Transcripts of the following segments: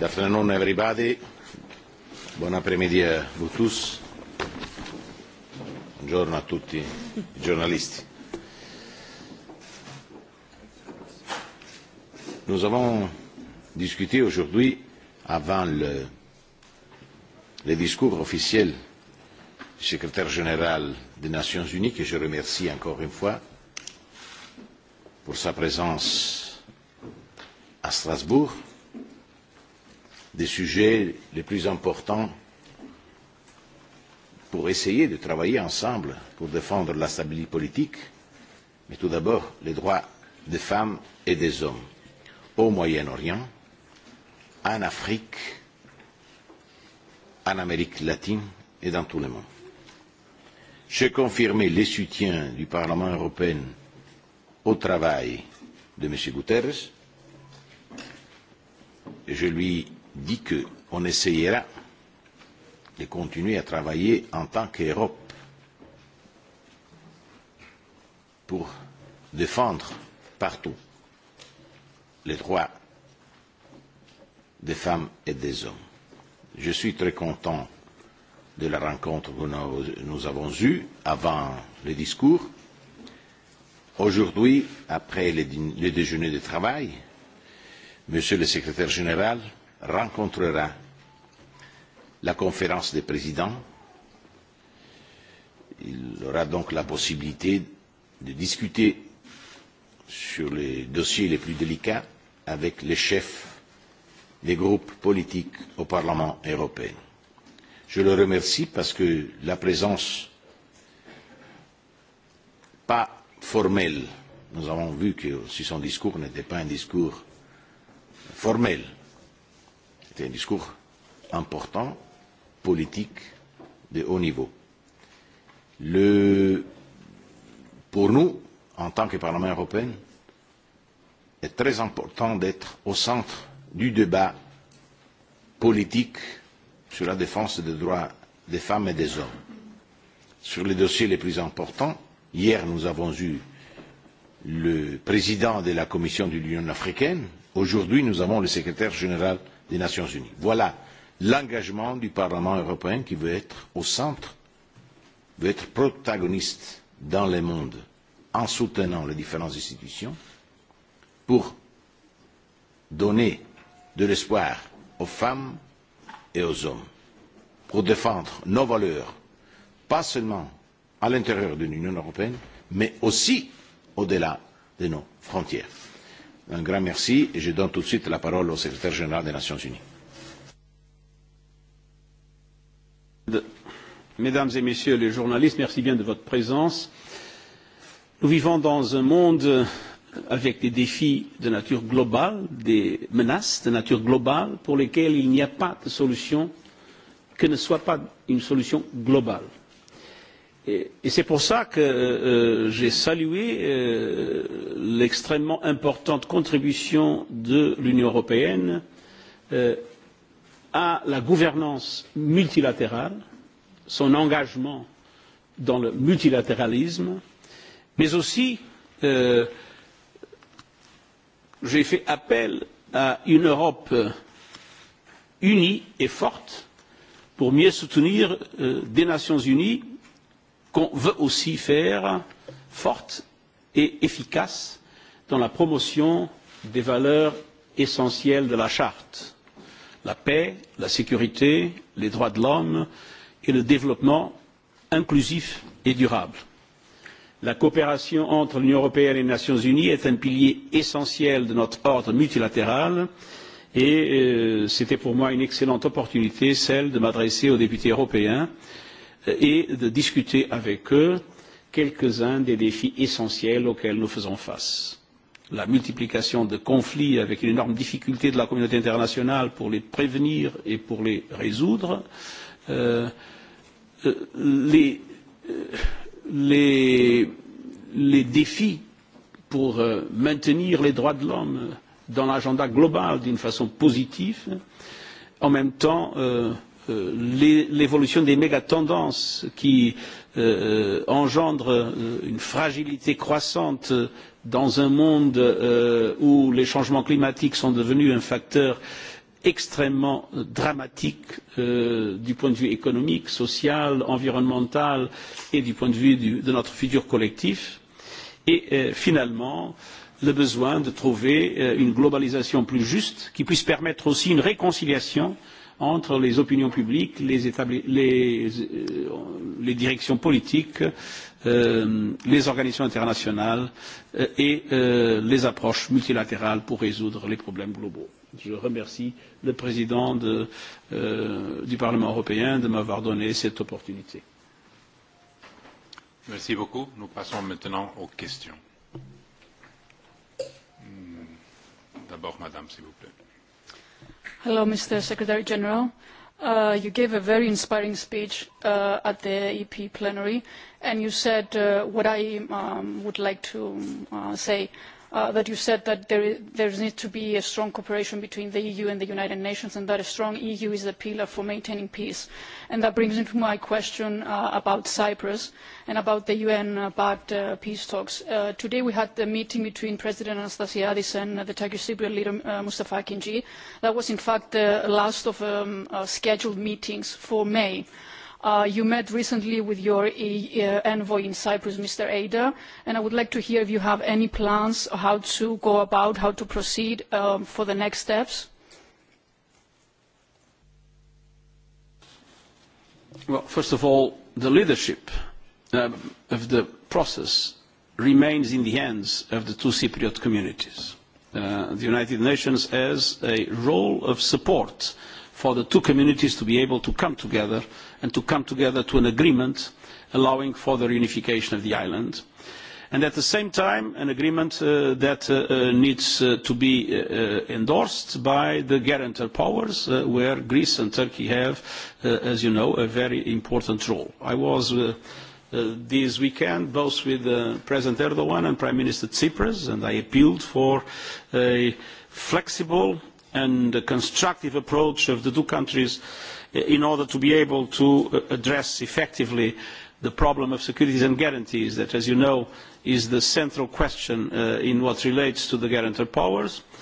Good afternoon, everybody. Buon pomeriggio a vous Buongiorno a tutti i giornalisti. Nous avons discuté aujourd'hui, avant le, le discours officiel du secrétaire général des Nations Unies, que je remercie encore une fois pour sa présence à Strasbourg, des sujets les plus importants pour essayer de travailler ensemble pour défendre la stabilité politique, mais tout d'abord les droits des femmes et des hommes au Moyen-Orient, en Afrique, en Amérique latine et dans tout le monde. J'ai confirmé le soutien du Parlement européen au travail de M. Guterres et je lui dit qu'on essayera de continuer à travailler en tant qu'Europe pour défendre partout les droits des femmes et des hommes. Je suis très content de la rencontre que nous avons eue avant le discours. Aujourd'hui, après le déjeuner de travail, Monsieur le secrétaire général, rencontrera la conférence des présidents. Il aura donc la possibilité de discuter sur les dossiers les plus délicats avec les chefs des groupes politiques au Parlement européen. Je le remercie parce que la présence pas formelle, nous avons vu que si son discours n'était pas un discours formel, C'était un discours important, politique, de haut niveau. Le, pour nous, en tant que Parlement européen, est très important d'être au centre du débat politique sur la défense des droits des femmes et des hommes. Sur les dossiers les plus importants, hier nous avons eu le président de la Commission de l'Union africaine, aujourd'hui nous avons le secrétaire général des Nations Unies. Voilà l'engagement du Parlement européen qui veut être au centre, veut être protagoniste dans le monde en soutenant les différentes institutions pour donner de l'espoir aux femmes et aux hommes, pour défendre nos valeurs, pas seulement à l'intérieur de l'Union européenne, mais aussi au-delà de nos frontières. Un grand merci et je donne tout de suite la parole au secrétaire général des Nations Unies. Mesdames et Messieurs les journalistes, merci bien de votre présence. Nous vivons dans un monde avec des défis de nature globale, des menaces de nature globale pour lesquelles il n'y a pas de solution que ne soit pas une solution globale. Et, c'est pour cela que euh, euh, j'ai salué euh, l'extrêmement importante contribution de l'Union européenne euh, à la gouvernance multilatérale, son engagement dans le multilatéralisme, mais aussi euh, j'ai fait appel à une Europe euh, unie et forte pour mieux soutenir euh, des Nations unies qu'on veut aussi faire forte et efficace dans la promotion des valeurs essentielles de la charte la paix, la sécurité, les droits de l'homme et le développement inclusif et durable. La coopération entre l'Union européenne et les Nations unies est un pilier essentiel de notre ordre multilatéral et euh, c'était pour moi une excellente opportunité, celle de m'adresser aux députés européens et de discuter avec eux quelques-uns des défis essentiels auxquels nous faisons face. La multiplication de conflits avec une énorme difficulté de la communauté internationale pour les prévenir et pour les résoudre, euh, euh les, euh, les, les défis pour euh, maintenir les droits de l'homme dans l'agenda global d'une façon positive, en même temps euh, Euh, l'évolution des méga-tendances qui euh, euh engendre euh, une fragilité croissante dans un monde euh, où les changements climatiques sont devenus un facteur extrêmement dramatique euh, du point de vue économique, social, environnemental et du point de vue du, de notre futur collectif. Et euh, finalement, le besoin de trouver euh, une globalisation plus juste qui puisse permettre aussi une réconciliation euh, entre les opinions publiques, les, les, euh, les directions politiques, euh, les organisations internationales euh, et euh, les approches multilatérales pour résoudre les problèmes globaux. Je remercie le président de, euh, du Parlement européen de m'avoir donné cette opportunité. Merci beaucoup. Nous passons maintenant aux questions. Hmm. D'abord, Madame, s'il vous plaît. Hello, Mr. Secretary General. Uh, you gave a very inspiring speech uh, at the EP plenary, and you said uh, what I um, would like to uh, say uh, that you said that there, is, there needs to be a strong cooperation between the EU and the United Nations and that a strong EU is the pillar for maintaining peace. And that brings me mm-hmm. to my question uh, about Cyprus and about the UN uh, backed uh, peace talks. Uh, today we had the meeting between President Anastasiadis and uh, the Turkish Cypriot leader uh, Mustafa Akinci. That was in fact the last of um, uh, scheduled meetings for May. Uh, you met recently with your e uh, envoy in Cyprus, Mr. Ada, and I would like to hear if you have any plans how to go about, how to proceed um, for the next steps. Well, first of all, the leadership uh, of the process remains in the hands of the two Cypriot communities. Uh, the United Nations has a role of support for the two communities to be able to come together and to come together to an agreement allowing for the reunification of the island. And at the same time, an agreement uh, that uh, uh needs uh, to be uh, uh, endorsed by the guarantor powers, where Greece and Turkey have, as you know, a very important role. I was this weekend both with President Erdogan and Prime Minister Tsipras, and I appealed for a flexible and a constructive approach of the two countries uh, in order to be able to uh, address effectively the problem of securities and guarantees that, as you know, is the central question uh, in what relates to the guarantor powers. Uh,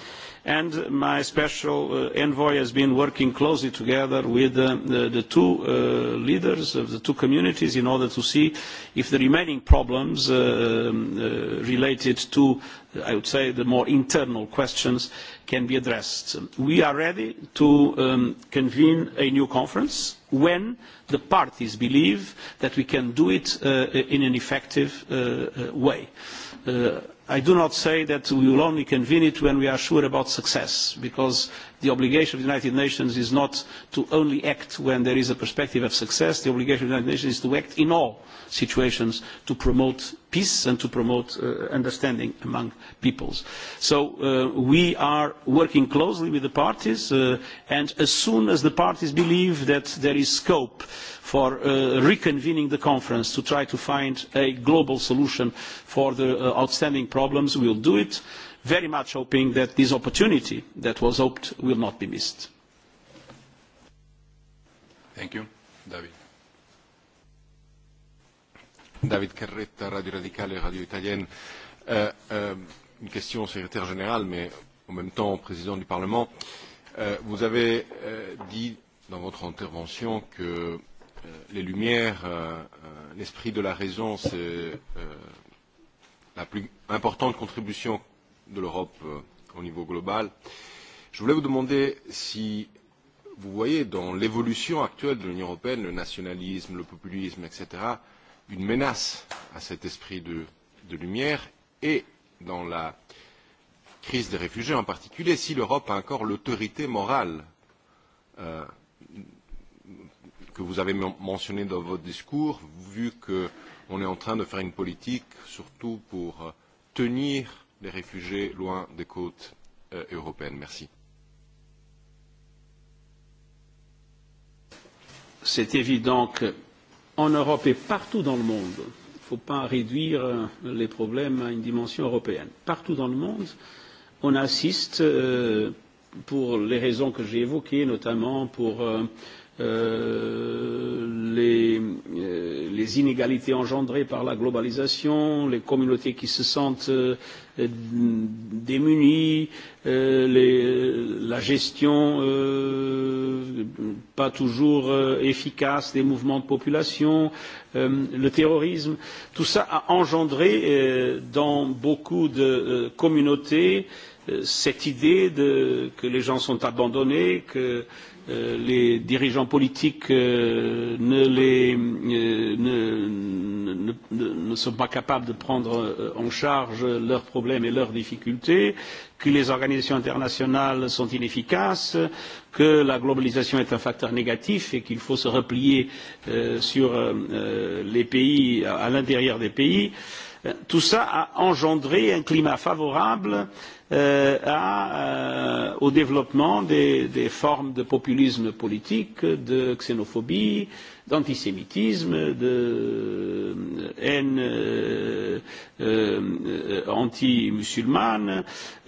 and my special uh, envoy has been working closely together with uh, the, the two uh, leaders of the two communities in order to see if the remaining problems uh, um, uh, related to, I would say, the more internal questions can be addressed. We are ready to um, convene a new conference when the parties believe that we can do it uh, in an effective uh, uh way. Uh, I do not say that we will only convene it when we are sure about success, because The obligation of the United Nations is not to only act when there is a perspective of success. The obligation of the United Nations is to act in all situations to promote peace and to promote uh, understanding among peoples. So uh, we are working closely with the parties uh, and as soon as the parties believe that there is scope for uh, reconvening the conference to try to find a global solution for the uh, outstanding problems, we will do it very much hoping that this opportunity that was hoped will not be missed. Thank you. David. David Carretta, Radio Radicale Radio Italienne. Euh, euh, une question au secrétaire général, mais en même temps au président du Parlement. Euh, vous avez euh, dit dans votre intervention que euh, les Lumières, euh, euh, l'esprit de la raison, c'est euh, la plus importante contribution de l'Europe euh, au niveau global. Je voulais vous demander si vous voyez dans l'évolution actuelle de l'Union européenne, le nationalisme, le populisme, etc., une menace à cet esprit de, de lumière et dans la crise des réfugiés en particulier, si l'Europe a encore l'autorité morale euh, que vous avez mentionnée dans votre discours, vu qu'on est en train de faire une politique surtout pour euh, tenir les réfugiés loin des côtes euh, européennes. Merci. C'est évident qu'en Europe et partout dans le monde, il ne faut pas réduire euh, les problèmes à une dimension européenne. Partout dans le monde, on assiste, euh, pour les raisons que j'ai évoquées, notamment pour euh, euh, les, euh, les inégalités engendrées par la globalisation, les communautés qui se sentent euh, démunies, euh, les, euh, la gestion euh, pas toujours euh, efficaces des mouvements de population, euh, le terrorisme, tout cela a engendré euh, dans beaucoup de communautés cette idée de, que les gens sont abandonnés, que les dirigeants politiques ne, les, ne, ne, ne sont pas capables de prendre en charge leurs problèmes et leurs difficultés, que les organisations internationales sont inefficaces, que la globalisation est un facteur négatif et qu'il faut se replier euh, sur euh, euh les pays, à, à l'intérieur des pays. Euh, tout ça a engendré un climat favorable euh, euh, à, euh, au développement des, des formes de populisme politique, de xénophobie, d'antisémitisme, de euh, haine euh, euh, anti-musulmane,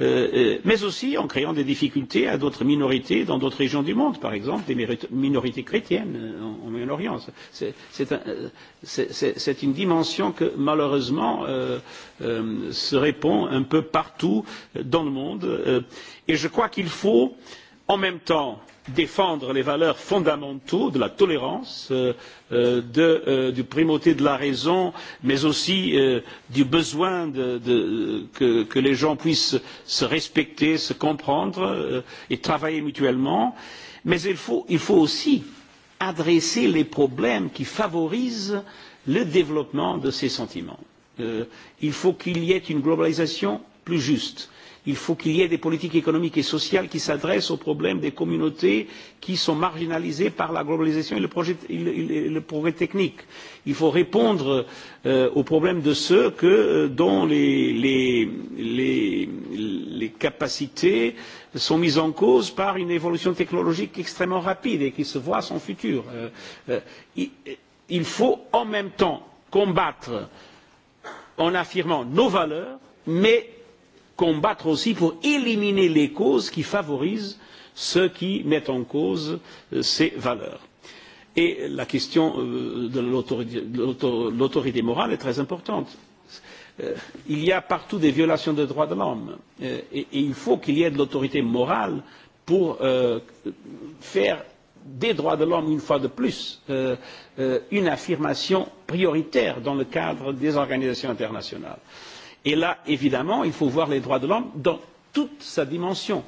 euh, euh, mais aussi en créant des difficultés à d'autres minorités dans d'autres régions du monde, par exemple des minorités chrétiennes en, euh, en Moyen-Orient. C'est un, une dimension que malheureusement euh, euh, se répond un peu partout dans le monde. Euh, et je crois qu'il faut en même temps défendre les valeurs fondamentaux de la tolérance, euh, euh, de, du primauté de la raison, mais aussi du besoin de, de, que, que les gens puissent se respecter, se comprendre et travailler mutuellement. Mais il faut, il faut aussi adresser les problèmes qui favorisent le développement de ces sentiments. Euh, il faut qu'il y ait une globalisation plus juste. Euh, Il faut qu'il y ait des politiques économiques et sociales qui s'adressent aux problèmes des communautés qui sont marginalisées par la globalisation et le, projet, et le, et le progrès technique. Il faut répondre euh, aux problèmes de ceux que, euh, dont les, les, les, les capacités sont mises en cause par une évolution technologique extrêmement rapide et qui se voit sans son futur. Euh, euh, il, il faut en même temps combattre en affirmant nos valeurs, mais combattre aussi pour éliminer les causes qui favorisent ceux qui mettent en cause euh, ces valeurs. Et la question euh, de l'autorité morale est très importante. Euh, il y a partout des violations des droits de l'homme et, il faut qu'il y ait de l'autorité morale pour faire des droits de l'homme, une fois de plus, une affirmation prioritaire dans le cadre des organisations internationales. Et là, évidemment, il faut voir les droits de l'homme dans toute sa dimension.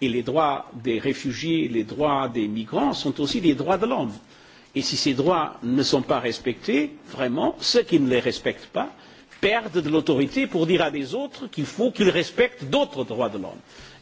Et les droits des réfugiés, les droits des migrants sont aussi des droits de l'homme. Et si ces droits ne sont pas respectés, vraiment, ceux qui ne les respectent pas perdent de l'autorité pour dire à des autres qu'il faut qu'ils respectent d'autres droits de l'homme.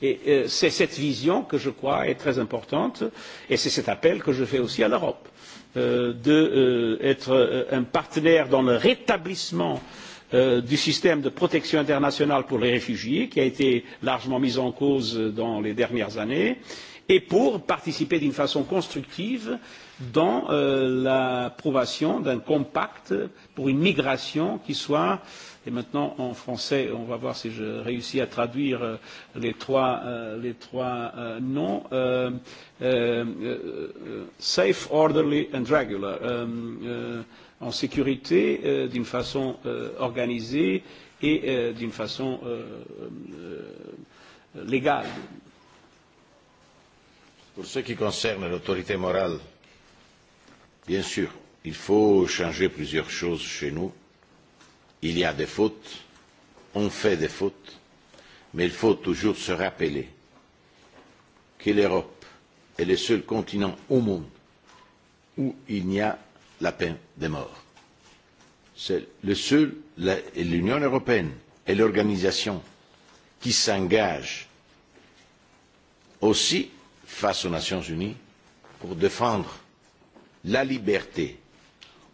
Et euh, c'est cette vision que je crois est très importante et c'est cet appel que je fais aussi à l'Europe euh, d'être euh, euh, un partenaire dans le rétablissement euh, Euh, du système de protection internationale pour les réfugiés, qui a été largement mis en cause euh, dans les dernières années, et pour participer d'une façon constructive dans euh, l'approbation d'un compact pour une migration qui soit et maintenant en français on va voir si je réussis à traduire euh, les trois, euh, les trois euh, noms euh, euh, safe, orderly and regular euh, euh, en sécurité euh, d'une façon euh, organisée et euh, d'une façon euh, euh, légale. Pour ce qui concerne l'autorité morale, bien sûr, il faut changer plusieurs choses chez nous. Il y a des fautes, on fait des fautes, mais il faut toujours se rappeler que l'Europe est le seul continent au monde où il n'y a la peine de mort. C'est le seul, l'Union européenne et l'organisation qui s'engagent aussi face aux Nations unies pour défendre la liberté,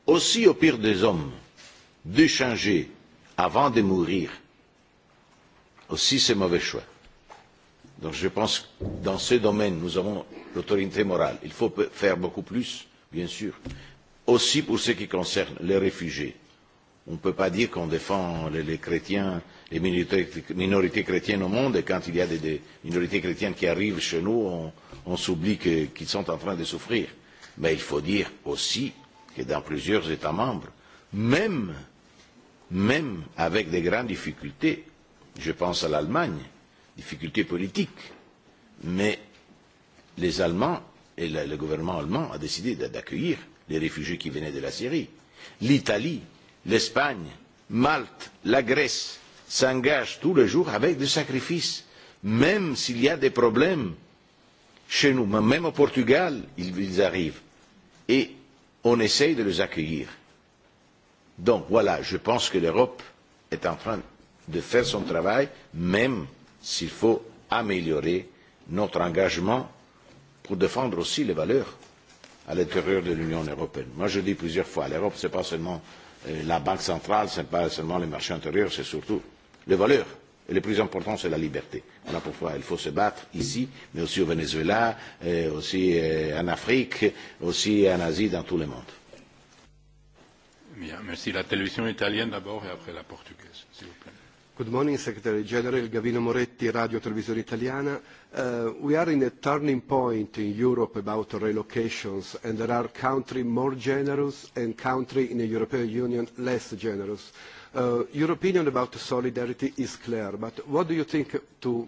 aussi au pire des hommes, de changer avant de mourir aussi ces mauvais choix. Donc je pense que dans ce domaine, nous avons l'autorité morale. Il faut faire beaucoup plus, bien sûr, aussi pour ce qui concerne les réfugiés. On ne peut pas dire qu'on défend les, les chrétiens, les minorités, minorités chrétiennes au monde, et quand il y a des, des minorités chrétiennes qui arrivent chez nous, on, on s'oublie qu'ils qu sont en train de souffrir. Mais il faut dire aussi que dans plusieurs États membres, même, même avec des grandes difficultés, je pense à l'Allemagne, difficultés politiques, mais les Allemands et le, le gouvernement allemand a décidé d'accueillir les réfugiés qui venaient de la Syrie. L'Italie, l'Espagne, Malte, la Grèce s'engagent tous les jours avec des sacrifices, même s'il y a des problèmes chez nous, même au Portugal, ils, arrivent. Et on essaye de les accueillir. Donc voilà, je pense que l'Europe est en train de faire son travail, même s'il faut améliorer notre engagement pour défendre aussi les valeurs à l'intérieur de l'Union européenne. Moi, je dis plusieurs fois, l'Europe, ce n'est pas seulement euh, la banque centrale, ce n'est pas seulement les marchés intérieurs, c'est surtout les valeurs. Et le plus important, c'est la liberté. Voilà pourquoi il faut se battre ici, mais aussi au Venezuela, et euh, aussi euh, en Afrique, aussi en Asie, dans tout le monde. Bien, merci. La télévision italienne d'abord et après la portugaise, s'il vous plaît. Good morning, Secretary General Gavino Moretti, Radio Televisione Italiana. Uh, we are in a turning point in Europe about relocations, and there are countries more generous and countries in the European Union less generous. Uh, your opinion about solidarity is clear, but what do you think to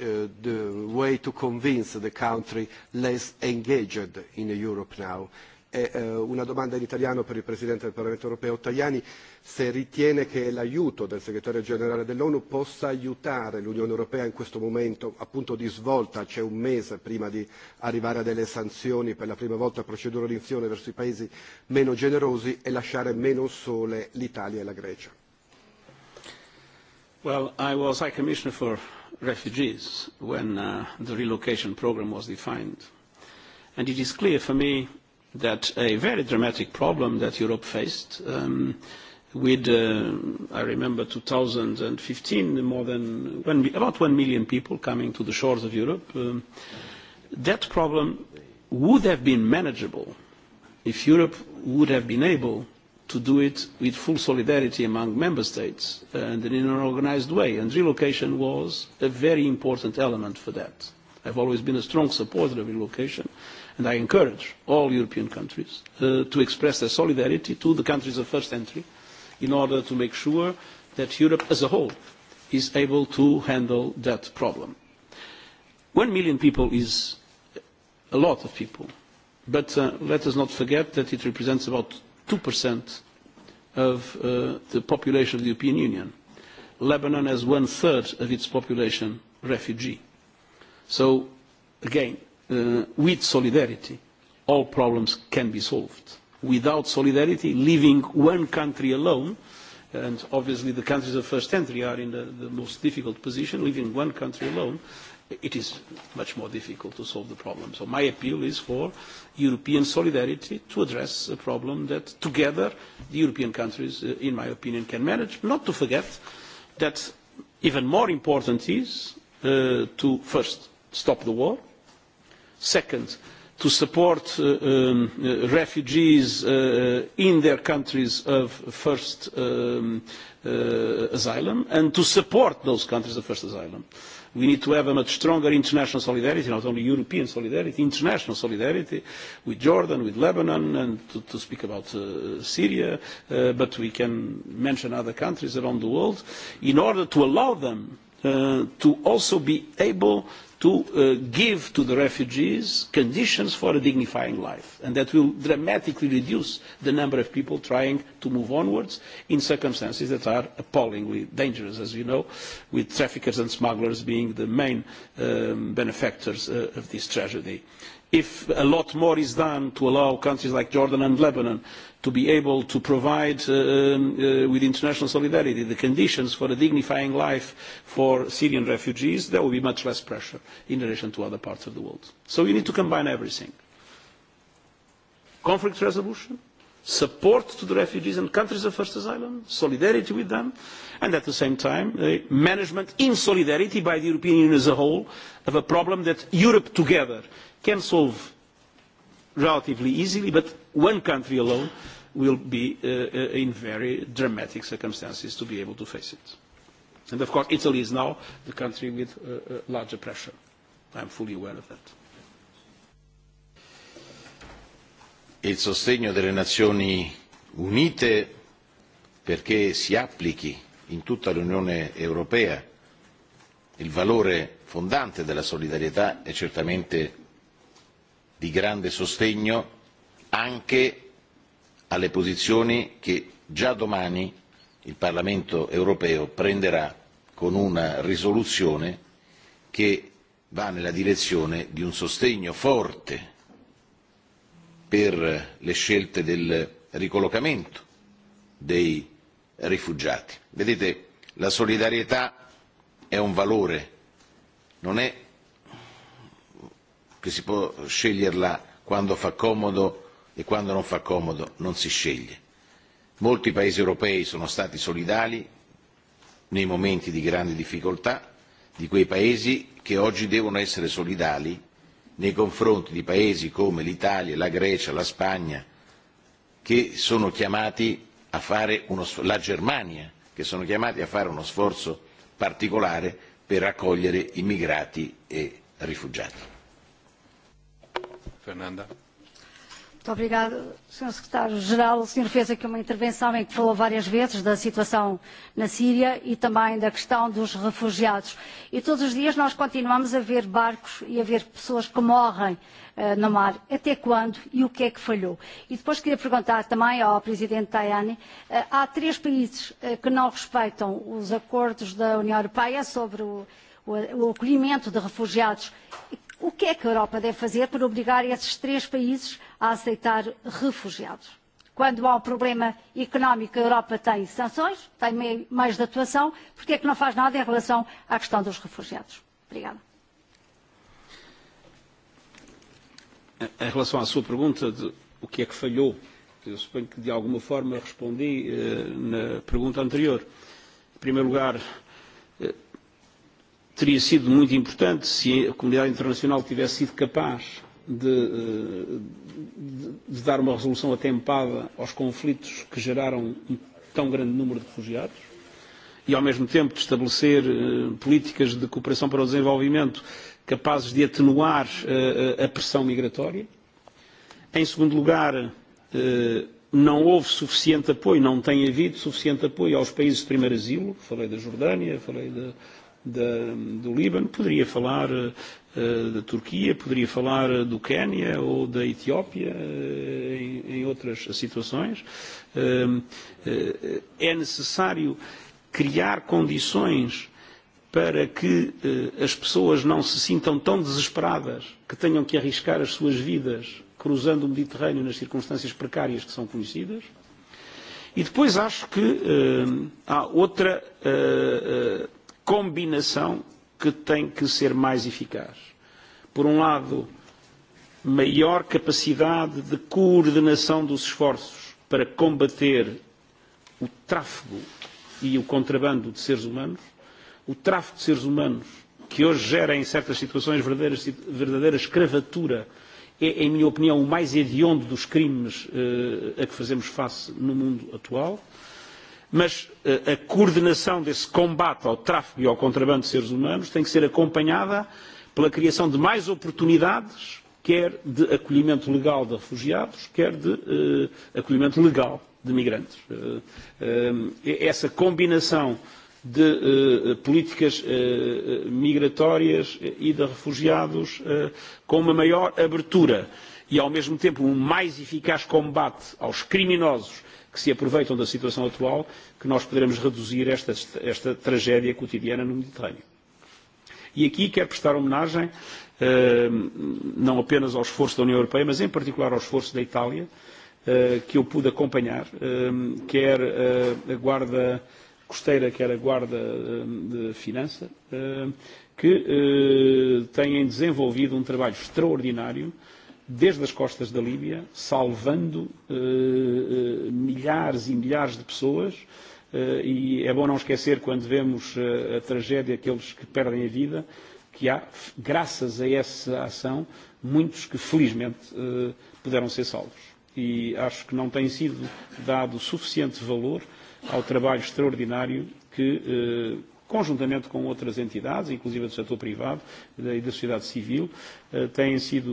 uh, the way to convince the country less engaged in Europe now? È eh, una domanda in italiano per il Presidente del Parlamento europeo Tajani se ritiene che l'aiuto del Segretario Generale dell'ONU possa aiutare l'Unione Europea in questo momento appunto di svolta, c'è un mese prima di arrivare a delle sanzioni per la prima volta a procedura di inzione verso i paesi meno generosi e lasciare meno sole l'Italia e la Grecia. Well, I was High Commissioner for Refugees when uh, the relocation program was defined. And it is clear for me that a very dramatic problem that Europe faced um, with, uh, I remember 2015, more than one, about one million people coming to the shores of Europe. Um, that problem would have been manageable if Europe would have been able to do it with full solidarity among member states and in an organized way. And relocation was a very important element for that. I've always been a strong supporter of relocation And I encourage all European countries uh, to express their solidarity to the countries of first entry in order to make sure that Europe as a whole is able to handle that problem. One million people is a lot of people, but uh, let us not forget that it represents about 2% of uh, the population of the European Union. Lebanon has one-third of its population refugee. So, again, uh, with solidarity, all problems can be solved. Without solidarity, leaving one country alone, and obviously the countries of first entry are in the, the most difficult position, leaving one country alone, it is much more difficult to solve the problem. So my appeal is for European solidarity to address a problem that together the European countries, uh, in my opinion, can manage. Not to forget that even more important is uh, to first stop the war, Second, to support uh, um, uh, refugees uh, uh, in their countries of first um, uh, asylum and to support those countries of first asylum. We need to have a much stronger international solidarity, not only European solidarity, international solidarity with Jordan, with Lebanon, and to, to speak about uh, Syria, uh, but we can mention other countries around the world, in order to allow them uh, to also be able to uh, give to the refugees conditions for a dignifying life. And that will dramatically reduce the number of people trying to move onwards in circumstances that are appallingly dangerous, as you know, with traffickers and smugglers being the main um, benefactors uh, of this tragedy if a lot more is done to allow countries like Jordan and Lebanon to be able to provide uh, um, uh, with international solidarity the conditions for a dignifying life for Syrian refugees, there will be much less pressure in relation to other parts of the world. So you need to combine everything. Conflict resolution, support to the refugees and countries of first asylum, solidarity with them, and at the same time, the management in solidarity by the European Union as a whole of a problem that Europe together can solve relatively easily, but one country alone will be uh, uh, in very dramatic circumstances to be able to face it. And of course, Italy is now the country with uh, uh, larger pressure. I'm fully aware of that. e il sostegno delle Nazioni Unite perché si applichi in tutta l'Unione Europea il valore fondante della solidarietà è certamente di grande sostegno anche alle posizioni che già domani il Parlamento europeo prenderà con una risoluzione che va nella direzione di un sostegno forte per le scelte del ricollocamento dei rifugiati. Vedete, la solidarietà è un valore, non è che si può sceglierla quando fa comodo e quando non fa comodo non si sceglie. Molti paesi europei sono stati solidali nei momenti di grande difficoltà di quei paesi che oggi devono essere solidali nei confronti di paesi come l'Italia, la Grecia, la Spagna, che sono chiamati a fare uno, la Germania, che sono chiamati a fare uno sforzo particolare per accogliere immigrati e rifugiati. Fernanda. Muito obrigado, Sr. Secretário-Geral. O senhor fez aqui uma intervenção em que falou várias vezes da situação na Síria e também da questão dos refugiados. E todos os dias nós continuamos a ver barcos e a ver pessoas que morrem uh, no mar. Até quando e o que é que falhou? E depois queria perguntar também ao Presidente Tajani, uh, há três países uh, que não respeitam os acordos da União Europeia sobre o, o, o acolhimento de refugiados. O que é que a Europa deve fazer para obrigar esses três países a aceitar refugiados? Quando há um problema económico, a Europa tem sanções, tem mais de atuação, porque é que não faz nada em relação à questão dos refugiados? Obrigada. Em relação à sua pergunta de o que é que falhou, eu suponho que de alguma forma respondi eh, na pergunta anterior. Em primeiro lugar, teria sido muito importante se a comunidade internacional tivesse sido capaz de, eh, de, de dar uma resolução atempada aos conflitos que geraram um tão grande número de refugiados e, ao mesmo tempo, de estabelecer uh, políticas de cooperação para o desenvolvimento capazes de atenuar uh, a pressão migratória. Em segundo lugar, uh, não houve suficiente apoio, não tem havido suficiente apoio aos países de primeiro asilo, falei da Jordânia, falei da, da, do Líbano, poderia falar uh, da Turquia, poderia falar eh, do Quénia ou da Etiópia uh, em, em outras situações. Uh, uh, é necessário criar condições para que uh, as pessoas não se sintam tão desesperadas que tenham que arriscar as suas vidas cruzando o Mediterrâneo nas circunstâncias precárias que são conhecidas. E depois acho que uh, há outra. Uh, uh, combinação que tem que ser mais eficaz. Por um lado, maior capacidade de coordenação dos esforços para combater o tráfego e o contrabando de seres humanos, o tráfico de seres humanos, que hoje gera em certas situações verdadeira, verdadeira escravatura, é, em minha opinião, o mais hediondo dos crimes eh, a que fazemos face no mundo atual mas eh, a coordenação desse combate ao tráfico e ao contrabando de seres humanos tem que ser acompanhada pela criação de mais oportunidades, quer de acolhimento legal de refugiados, quer de uh, acolhimento legal de migrantes. Uh, uh, essa combinação de uh, políticas uh, migratórias e de refugiados uh, com uma maior abertura uh, e, ao mesmo tempo, um mais eficaz combate aos criminosos que se aproveitam da situação atual, que nós poderemos reduzir esta, esta tragédia cotidiana no Mediterrâneo. E aqui quero prestar homenagem eh, não apenas ao esforço da União Europeia, mas em particular ao esforço da Itália, eh, que eu pude acompanhar, eh, quer a Guarda Costeira, quer a Guarda de Finança, que têm desenvolvido um trabalho extraordinário desde as costas da Líbia, salvando uh, milhares e milhares de pessoas. Uh, e é bom não esquecer, quando vemos uh, a tragédia, aqueles que perdem a vida, que há, graças a essa ação, muitos que felizmente uh, puderam ser salvos. E acho que não tem sido dado suficiente valor ao trabalho extraordinário que uh, conjuntamente com outras entidades, inclusive do setor privado e da e sociedade civil, eh, têm sido,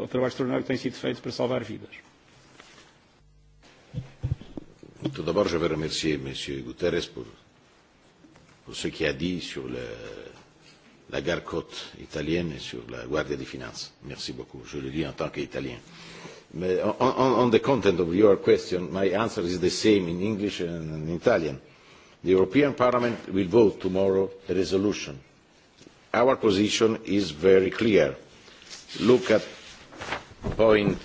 eh, o trabalho extraordinário que tem sido feito para salvar vidas. Tout d'abord, je veux remercier M. Guterres pour, pour ce qu'il a dit sur le, la gare côte italienne et sur la Guardia des Finances. Merci beaucoup. Je le dis en tant qu'Italien. On, on, on the content of your question, my answer is the same in English and in Italian. The European Parliament will vote tomorrow a resolution. Our position is very clear. Look at point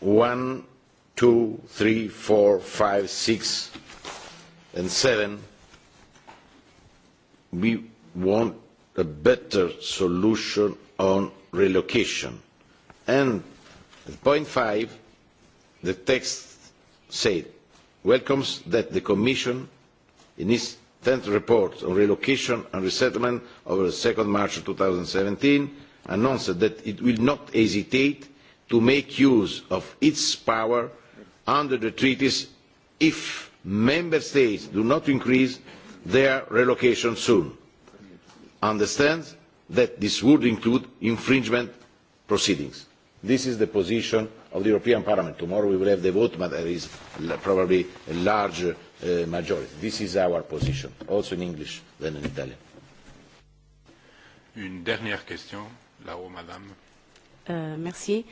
one, two, three, four, five, six, and seven. We want a better solution on relocation. And at point five, the text said welcomes that the Commission, in its tenth report on relocation and resettlement of 2 March seventeen, announced that it will not hesitate to make use of its power under the treaties if member states do not increase their relocation soon. Understands that this would include infringement proceedings. This is the position of the European Parliament. Tomorrow we will have the vote, but there is probably a large uh, majority. This is our position, also in English than in Italian. Une dernière question, là-haut, madame. Uh, merci.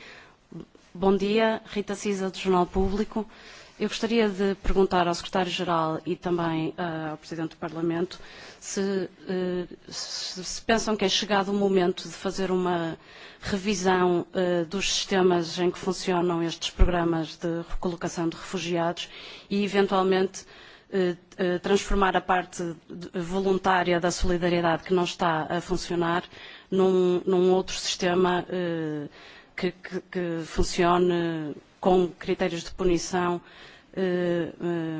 Bom dia, Rita Cisa, do Jornal Público. Uh, Eu gostaria de perguntar ao Secretário-Geral e também uh, ao Presidente do Parlamento se, uh, eh, se, se pensam que é chegado o momento de fazer uma revisão uh, dos sistemas em que funcionam estes programas de recolocação de refugiados e, eventualmente, uh, uh, transformar a parte voluntária da solidariedade que não está a funcionar num, num outro sistema uh, que, que, que funcione com critérios de punição uh,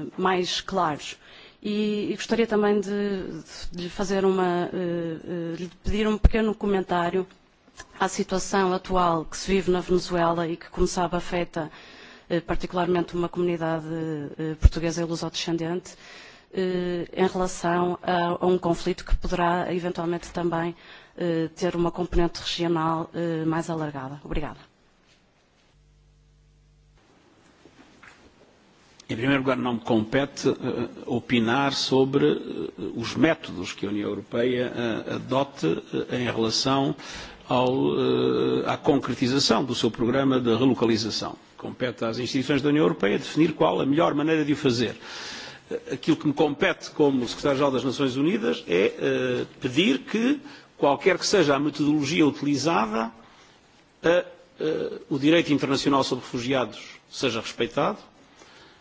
uh, mais claros. E, e gostaria também de, de lhe fazer uma, uh, eh, uh, de pedir um pequeno comentário à situação atual que se vive na Venezuela e que, como sabe, afeta uh, particularmente uma comunidade uh, portuguesa e lusodescendente em relação a, a um conflito que poderá eventualmente também ter uma componente regional mais alargada. Obrigada. Em primeiro lugar, não me compete uh, opinar sobre uh, os métodos que a União Europeia uh, adote uh, em relação ao, uh, à concretização do seu programa de relocalização. Compete às instituições da União Europeia definir qual a melhor maneira de o fazer. Uh, aquilo que me compete como Secretário-Geral das Nações Unidas é uh, pedir que, qualquer que seja a metodologia utilizada, uh, uh, o direito internacional sobre refugiados seja respeitado,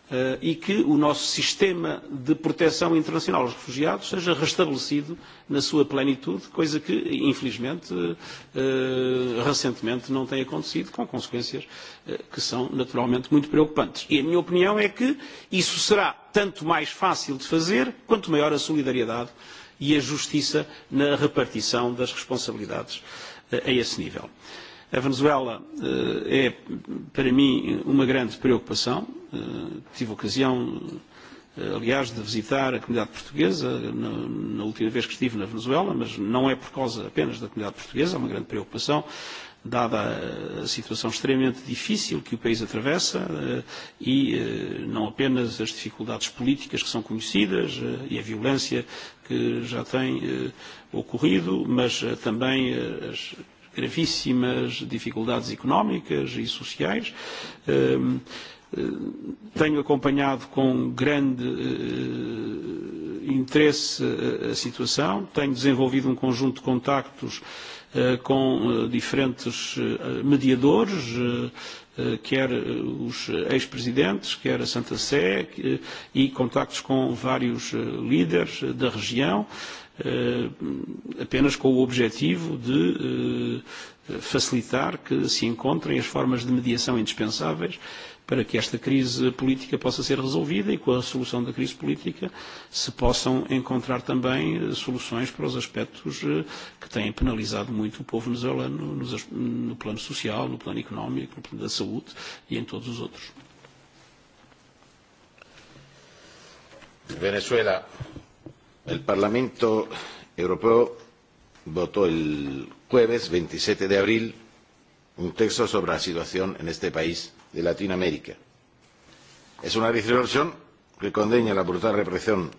Eh, e que o nosso sistema de proteção internacional aos refugiados seja restabelecido na sua plenitude, coisa que, infelizmente, eh, recentemente não tem acontecido, com consequências eh, que são naturalmente muito preocupantes. E a minha opinião é que isso será tanto mais fácil de fazer quanto maior a solidariedade e a justiça na repartição das responsabilidades a esse nível. Uh, A Venezuela eh, é, para mim, uma grande preocupação. Eh, tive ocasião, eh, aliás, de visitar a comunidade portuguesa na última vez que estive na Venezuela, mas não é por causa apenas da comunidade portuguesa, é uma grande preocupação dada a situação extremamente difícil que o país atravessa e não apenas as dificuldades políticas que são conhecidas e a violência que já tem ocorrido, mas também as gravíssimas dificuldades económicas e sociais. Ehm, eh, tenho acompanhado com grande eh, interesse a situação, tenho desenvolvido um conjunto de contactos eh, com diferentes mediadores, quer os ex-presidentes, quer a Santa Sé, e contactos com vários líderes da região. Eh, apenas com o objetivo de eh, facilitar que se encontrem as formas de mediação indispensáveis para que esta crise política possa ser resolvida e com a solução da crise política se possam encontrar também eh, soluções para os aspectos que têm penalizado muito o povo venezuelano no plano social, no plano económico, no plano da saúde e em todos os outros. Venezuela El Parlamento Europeo votó el jueves 27 de abril un texto sobre la situación en este país de Latinoamérica. Es una resolución que condena la brutal represión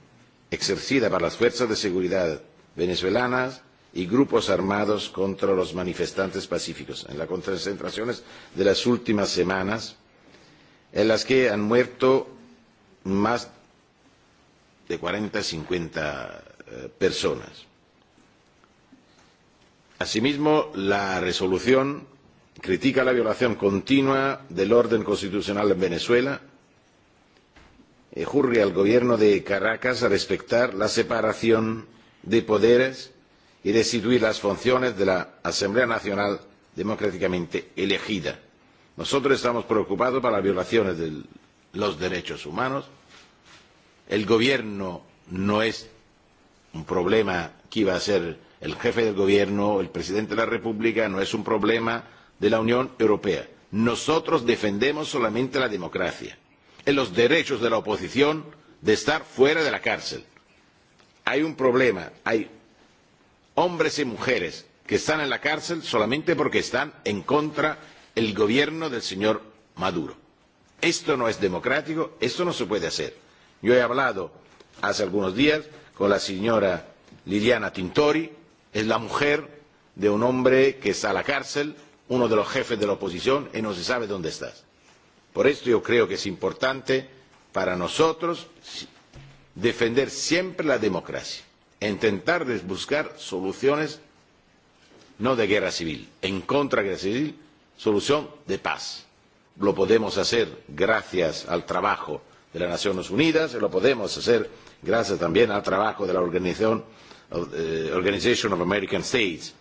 exercida por las fuerzas de seguridad venezolanas y grupos armados contra los manifestantes pacíficos en las concentraciones de las últimas semanas, en las que han muerto más de 40 a 50 eh, personas. Asimismo, la resolución critica la violación continua del orden constitucional en Venezuela y eh, juzga al gobierno de Caracas a respetar la separación de poderes y restituir las funciones de la Asamblea Nacional democráticamente elegida. Nosotros estamos preocupados por las violaciones de los derechos humanos el gobierno no es un problema que iba a ser el jefe del gobierno, el presidente de la República, no es un problema de la Unión Europea. Nosotros defendemos solamente la democracia, en los derechos de la oposición de estar fuera de la cárcel. Hay un problema, hay hombres y mujeres que están en la cárcel solamente porque están en contra del gobierno del señor Maduro. Esto no es democrático, esto no se puede hacer. Yo he hablado hace algunos días con la señora Liliana Tintori, es la mujer de un hombre que está a la cárcel, uno de los jefes de la oposición, y no se sabe dónde está. Por esto yo creo que es importante para nosotros defender siempre la democracia e intentar buscar soluciones no de guerra civil, en contra de guerra civil, solución de paz. Lo podemos hacer gracias al trabajo de las Naciones Unidas, y lo podemos hacer gracias también al trabajo de la Organización of, eh, Organization of American States.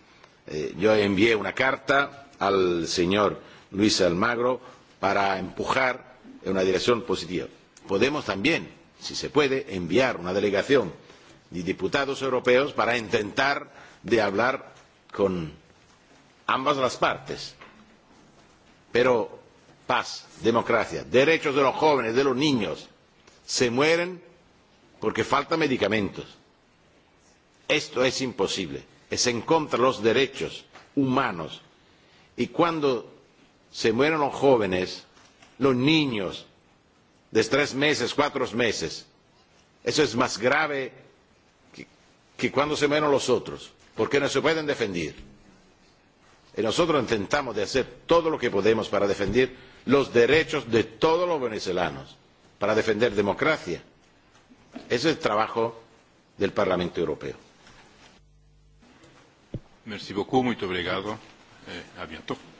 Eh, yo envié una carta al señor Luis Almagro para empujar en una dirección positiva. Podemos también, si se puede, enviar una delegación de diputados europeos para intentar de hablar con ambas las partes. Pero paz, democracia, derechos de los jóvenes, de los niños, se mueren porque faltan medicamentos. Esto es imposible, es en contra de los derechos humanos. Y cuando se mueren los jóvenes, los niños de tres meses, cuatro meses, eso es más grave que, que cuando se mueren los otros, porque no se pueden defender. Y nosotros intentamos de hacer todo lo que podemos para defender los derechos de todos los venezolanos, para defender democracia. Ese es el trabajo del Parlamento Europeo. Merci beaucoup, muito obrigado. Eh, a bientôt.